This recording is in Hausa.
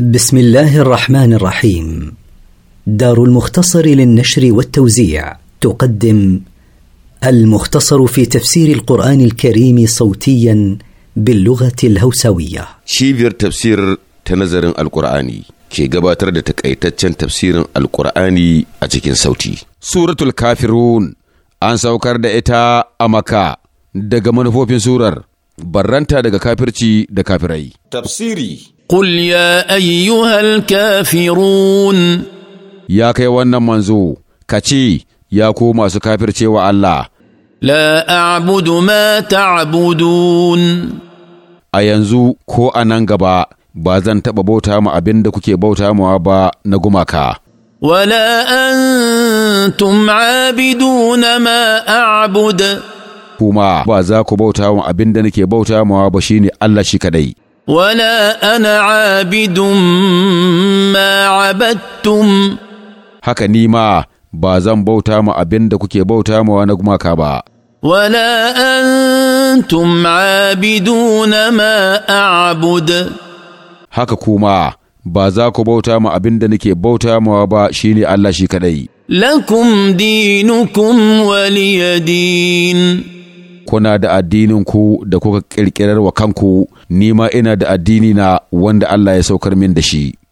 بسم الله الرحمن الرحيم دار المختصر للنشر والتوزيع تقدم المختصر في تفسير القرآن الكريم صوتيا باللغة الهوسوية شيفر تفسير تنزر القرآني كي قباتر تفسير القرآني أجيكين صوتي سورة الكافرون أن سوكر إتا أمكا دقا منفوف سورة برانتا دقا كافرتي دقا تفسيري قل يا أيها الكافرون يا كي wannan manzo kace ya ko masu kafircewa Allah la a'budu ma ta'budun a yanzu ko a nan gaba ba zan taɓa bauta ma abinda kuke bauta mawa ba na gumaka ولا أنتم عابدون ma أعبد kuma ba za ku bauta wa abinda nake bauta mawa ba shine Allah shi kadai ولا أنا عابد ما haka ni ma ba zan bauta ma abin da kuke bauta ma wani gumaka ba. Wala antum abiduna ma a'bud Haka kuma ba za ku bauta ma abin da nake bauta mawa ba shine Allah shi kadai. Lakum dinukum waliyadin. kuna da addininku da kuka ƙirƙirar wa kanku, ni ma ina da addini na wanda Allah ya saukar min da shi.